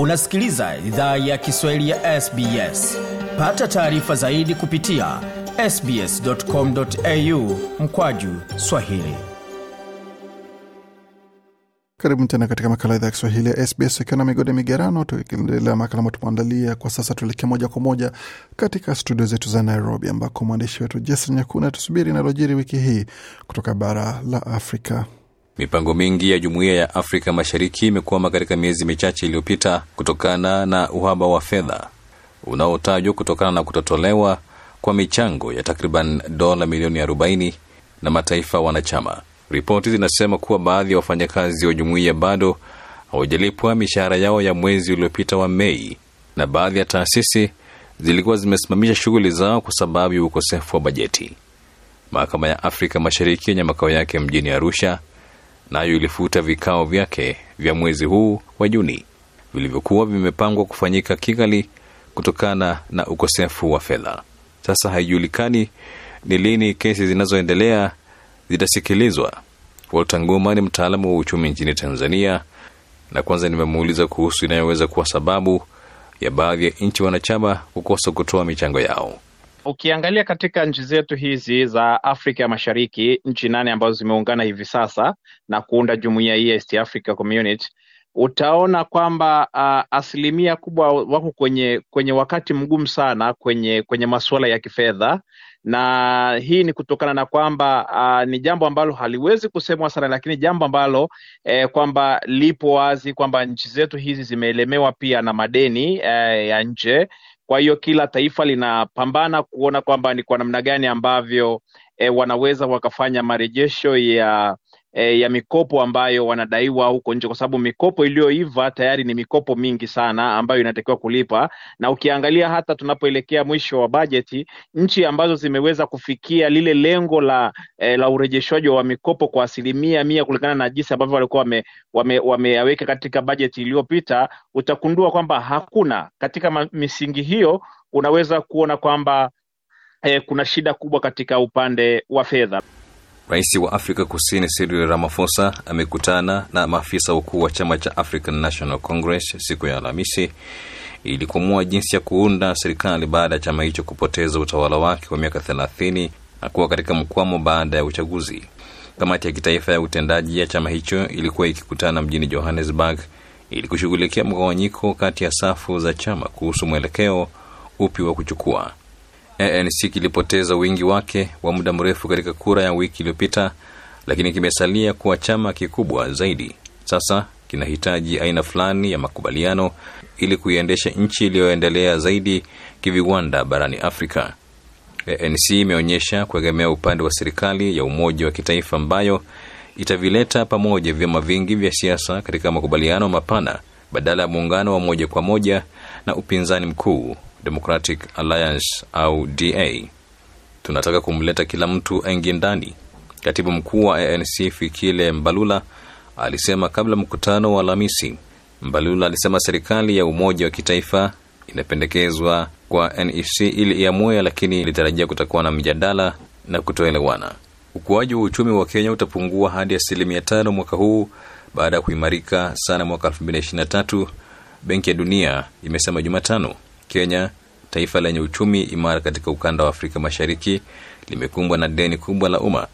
unasikiliza idhaa ya kiswahili ya sbs pata taarifa zaidi kupitia sbscomau mkwaju swahili karibu tena katika makala idhaa ya kiswahili ya sbs ikiwa na migode migerano tukiendelea makala ambayo tumeandalia kwa sasa tuelekee moja kwa moja katika studio zetu za nairobi ambako mwandishi wetu jason nyakuna tusubiri inalojiri wiki hii kutoka bara la afrika Mipango mingi ya Jumuiya ya Afrika Mashariki imekwama katika miezi michache iliyopita kutokana na uhaba wa fedha unaotajwa kutokana na kutotolewa kwa michango ya takriban dola milioni 40 na mataifa wanachama. Ripoti zinasema kuwa baadhi ya wafanyakazi wa jumuiya bado hawajalipwa mishahara yao ya mwezi uliopita wa Mei, na baadhi ya taasisi zilikuwa zimesimamisha shughuli zao kwa sababu ya ukosefu wa bajeti. Mahakama ya Afrika Mashariki yenye makao yake mjini Arusha nayo ilifuta vikao vyake vya mwezi huu wa Juni vilivyokuwa vimepangwa kufanyika Kigali kutokana na ukosefu wa fedha. Sasa haijulikani ni lini kesi zinazoendelea zitasikilizwa. Walter Nguma ni mtaalamu wa uchumi nchini Tanzania, na kwanza nimemuuliza kuhusu inayoweza kuwa sababu ya baadhi ya nchi wanachama kukosa kutoa michango yao. Ukiangalia katika nchi zetu hizi za Afrika ya Mashariki, nchi nane ambazo zimeungana hivi sasa na kuunda jumuiya hii ya East Africa Community, utaona kwamba uh, asilimia kubwa wako kwenye kwenye wakati mgumu sana kwenye kwenye masuala ya kifedha, na hii ni kutokana na kwamba uh, ni jambo ambalo haliwezi kusemwa sana, lakini jambo ambalo eh, kwamba lipo wazi kwamba nchi zetu hizi zimeelemewa pia na madeni eh, ya nje kwa hiyo kila taifa linapambana kuona kwamba ni kwa namna gani ambavyo e, wanaweza wakafanya marejesho ya e, ya mikopo ambayo wanadaiwa huko nje, kwa sababu mikopo iliyoiva tayari ni mikopo mingi sana ambayo inatakiwa kulipa, na ukiangalia hata tunapoelekea mwisho wa bajeti, nchi ambazo zimeweza kufikia lile lengo la e, la urejeshwaji wa mikopo kwa asilimia mia kulingana na jinsi ambavyo walikuwa wameyaweka wame, wame katika bajeti iliyopita, utakundua kwamba hakuna katika misingi hiyo, unaweza kuona kwamba eh, kuna shida kubwa katika upande wa fedha. Rais wa Afrika Kusini Cyril Ramaphosa amekutana na maafisa wakuu wa chama cha African National Congress siku ya Alhamisi ili kuamua jinsi ya kuunda serikali baada ya chama hicho kupoteza utawala wake wa miaka 30 na kuwa katika mkwamo baada ya uchaguzi. Kamati ya kitaifa ya utendaji ya chama hicho ilikuwa ikikutana mjini Johannesburg ili kushughulikia mgawanyiko kati ya safu za chama kuhusu mwelekeo upi wa kuchukua. ANC kilipoteza wingi wake wa muda mrefu katika kura ya wiki iliyopita, lakini kimesalia kuwa chama kikubwa zaidi. Sasa kinahitaji aina fulani ya makubaliano ili kuiendesha nchi iliyoendelea zaidi kiviwanda barani Afrika. ANC imeonyesha kuegemea upande wa serikali ya umoja wa kitaifa ambayo itavileta pamoja vyama vingi vya siasa katika makubaliano mapana badala ya muungano wa moja kwa moja na upinzani mkuu Democratic Alliance au DA. Tunataka kumleta kila mtu aingie ndani, katibu mkuu wa ANC Fikile Mbalula alisema kabla mkutano wa Alhamisi. Mbalula alisema serikali ya umoja wa kitaifa inapendekezwa kwa NEC ili iamue, lakini ilitarajia kutakuwa na mjadala na kutoelewana. Ukuaji wa uchumi wa Kenya utapungua hadi asilimia tano mwaka huu baada ya kuimarika sana mwaka 2023, Benki ya Dunia imesema Jumatano. Kenya, taifa lenye uchumi imara katika ukanda wa Afrika Mashariki, limekumbwa na deni kubwa la umma,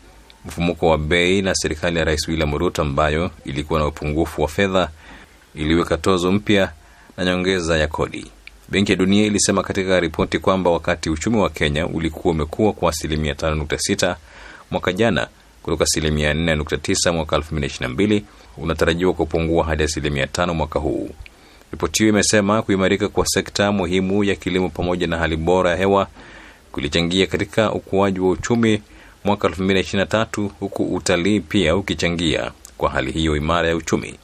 mfumuko wa bei, na serikali ya Rais William Ruto ambayo ilikuwa na upungufu wa fedha iliweka tozo mpya na nyongeza ya kodi. Benki ya Dunia ilisema katika ripoti kwamba wakati uchumi wa Kenya ulikuwa umekuwa kwa asilimia 5.6 mwaka jana kutoka asilimia 4.9 mwaka 222 unatarajiwa kupungua hadi asilimia 5 mwaka huu. Ripoti hiyo imesema kuimarika kwa sekta muhimu ya kilimo pamoja na hali bora ya hewa kulichangia katika ukuaji wa uchumi mwaka 2023 huku utalii pia ukichangia kwa hali hiyo imara ya uchumi.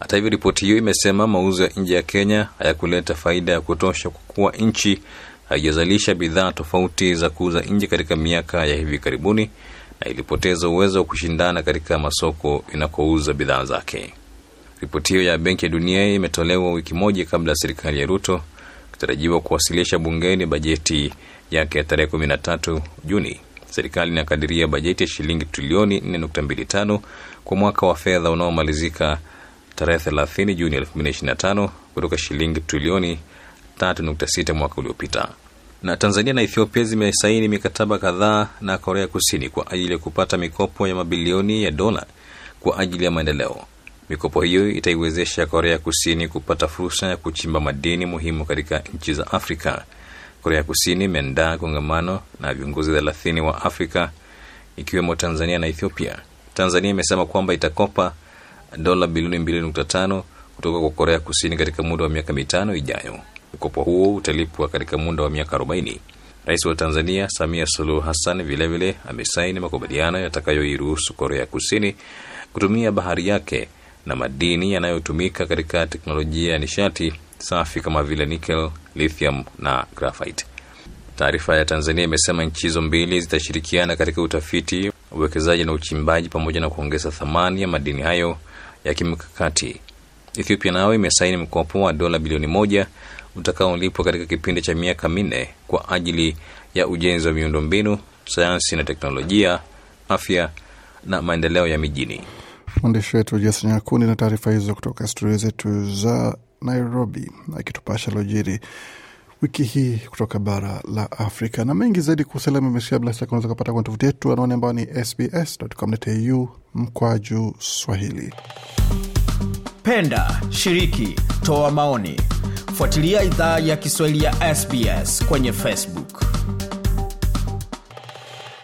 Hata hivyo, ripoti hiyo imesema mauzo ya nje ya Kenya hayakuleta faida ya kutosha kwa kuwa nchi haijazalisha bidhaa tofauti za kuuza nje katika miaka ya hivi karibuni na ilipoteza uwezo wa kushindana katika masoko inakouza bidhaa zake. Ripoti hiyo ya Benki ya Dunia imetolewa wiki moja kabla ya serikali ya Ruto kutarajiwa kuwasilisha bungeni bajeti yake ya tarehe 13 Juni. Serikali inakadiria bajeti ya shilingi trilioni 4.25 kwa mwaka wa fedha unaomalizika tarehe 30 Juni 2025 kutoka shilingi trilioni 3.6 mwaka uliopita. Na Tanzania na Ethiopia zimesaini mikataba kadhaa na Korea Kusini kwa ajili ya kupata mikopo ya mabilioni ya dola kwa ajili ya maendeleo. Mikopo hiyo itaiwezesha Korea Kusini kupata fursa ya kuchimba madini muhimu katika nchi za Afrika. Korea Kusini imeandaa kongamano na viongozi thelathini wa Afrika ikiwemo Tanzania na Ethiopia. Tanzania imesema kwamba itakopa dola bilioni 2.5 kutoka kwa Korea Kusini katika muda wa miaka mitano ijayo. Mkopo huo utalipwa katika muda wa miaka 40. Rais wa Tanzania Samia Suluhu Hassan vilevile amesaini makubaliano yatakayoiruhusu Korea Kusini kutumia bahari yake na madini yanayotumika katika teknolojia ya nishati safi kama vile nickel, lithium na graphite. Taarifa ya Tanzania imesema nchi hizo mbili zitashirikiana katika utafiti, uwekezaji na uchimbaji pamoja na kuongeza thamani ya madini hayo ya kimkakati. Ethiopia nayo imesaini mkopo wa dola bilioni moja utakaolipwa katika kipindi cha miaka minne kwa ajili ya ujenzi wa miundombinu, sayansi na teknolojia, afya na maendeleo ya mijini mwandishi wetu Jesi Nyakundi na taarifa hizo kutoka studio zetu za Nairobi, akitupasha lojiri wiki hii kutoka bara la Afrika na mengi zaidi kuhusu mesia bila shaka, unaweza kupata kwenye tovuti yetu, anaoni ambayo ni sbs.com.au mkwaju Swahili. Penda, shiriki, toa maoni, fuatilia idhaa ya Kiswahili ya SBS kwenye Facebook.